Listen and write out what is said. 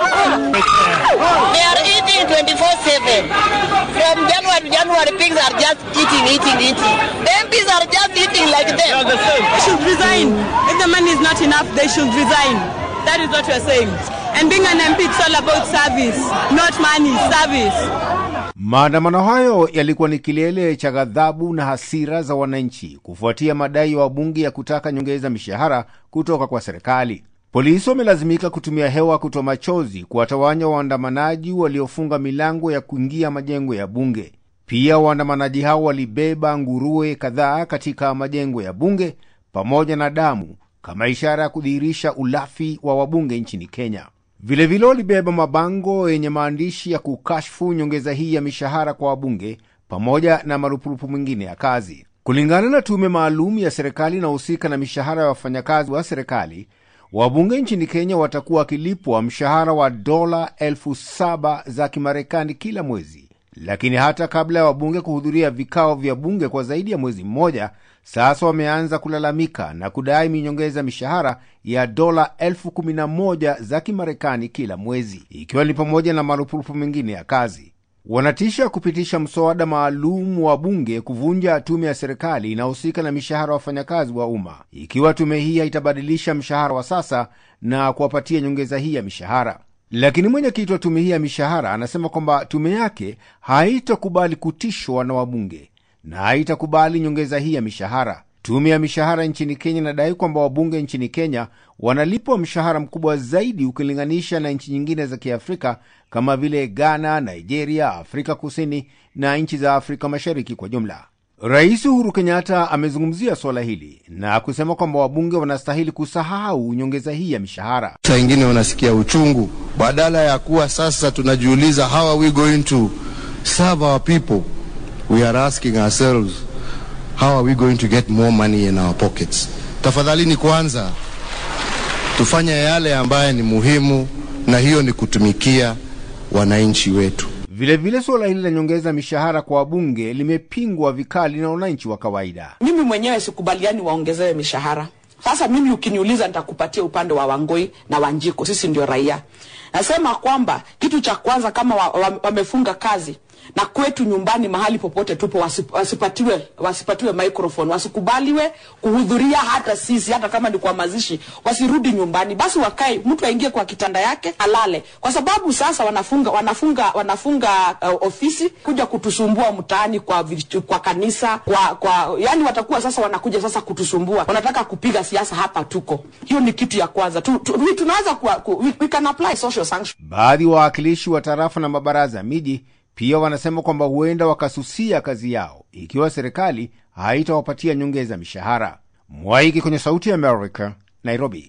They are eating 24-7. From January to January, pigs are just eating, eating, eating. The MPs are just eating like them. They, should resign. If the money is not enough, they should resign. That is what we are saying. And being an MP, it's all about service, not money, service. Maandamano hayo yalikuwa ni kilele cha ghadhabu na hasira za wananchi kufuatia madai ya wabunge ya kutaka nyongeza mishahara kutoka kwa serikali. Polisi wamelazimika kutumia hewa kutoa machozi kuwatawanya waandamanaji waliofunga milango ya kuingia majengo ya bunge. Pia waandamanaji hao walibeba nguruwe kadhaa katika majengo ya bunge pamoja na damu kama ishara ya kudhihirisha ulafi wa wabunge nchini Kenya. Vilevile walibeba mabango yenye maandishi ya kukashfu nyongeza hii ya mishahara kwa wabunge pamoja na marupurupu mwingine ya kazi. Kulingana na tume maalum ya serikali inahusika na mishahara ya wafanyakazi wa serikali, Wabunge nchini Kenya watakuwa wakilipwa mshahara wa dola elfu saba za Kimarekani kila mwezi. Lakini hata kabla ya wabunge kuhudhuria vikao vya bunge kwa zaidi ya mwezi mmoja sasa, wameanza kulalamika na kudai minyongeza mishahara ya dola elfu kumi na moja za Kimarekani kila mwezi, ikiwa ni pamoja na marupurupu mengine ya kazi wanatisha kupitisha mswada maalum wa bunge kuvunja tume ya serikali inayohusika na mishahara wa wafanyakazi wa umma ikiwa tume hii haitabadilisha mshahara wa sasa na kuwapatia nyongeza hii ya mishahara. Lakini mwenyekiti wa tume hii ya mishahara anasema kwamba tume yake haitakubali kutishwa na wabunge na haitakubali nyongeza hii ya mishahara. Tume ya mishahara nchini Kenya inadai kwamba wabunge nchini Kenya wanalipwa mshahara mkubwa zaidi ukilinganisha na nchi nyingine za Kiafrika kama vile Ghana, Nigeria, Afrika Kusini na nchi za Afrika Mashariki kwa jumla. Rais Uhuru Kenyatta amezungumzia suala hili na kusema kwamba wabunge wanastahili kusahau nyongeza hii ya mishahara. Saa ingine wanasikia uchungu, badala ya kuwa sasa tunajiuliza how are we going to serve our people, we are asking ourselves how are we going to get more money in our pockets? Tafadhali ni kwanza tufanye yale ambaye ni muhimu, na hiyo ni kutumikia wananchi wetu. Vilevile, suala hili la nyongeza mishahara kwa wabunge limepingwa vikali na wananchi wa kawaida. Mimi mwenyewe sikubaliani waongezewe mishahara. Sasa mimi ukiniuliza, nitakupatia upande wa Wangoi na Wanjiko, sisi ndio raia. Nasema kwamba kitu cha kwanza kama wamefunga wa, wamefunga kazi na kwetu nyumbani, mahali popote tupo, wasip, wasipatiwe, wasipatiwe microphone, wasikubaliwe kuhudhuria hata sisi, hata kama ni kwa mazishi, wasirudi nyumbani, basi wakae, mtu aingie kwa kitanda yake alale, kwa sababu sasa wanafunga wanafunga wanafunga uh, ofisi kuja kutusumbua mtaani, kwa kwa kanisa, kwa kwa yani, watakuwa sasa wanakuja sasa kutusumbua, wanataka kupiga siasa hapa tuko. Hiyo ni kitu ya kwanza tu, tu, tunaweza ku, we, we can apply social sanction. Baadhi wa wawakilishi wa tarafa na mabaraza ya miji pia wanasema kwamba huenda wakasusia kazi yao ikiwa serikali haitawapatia nyongeza mishahara. Mwaiki kwenye Sauti ya america Nairobi.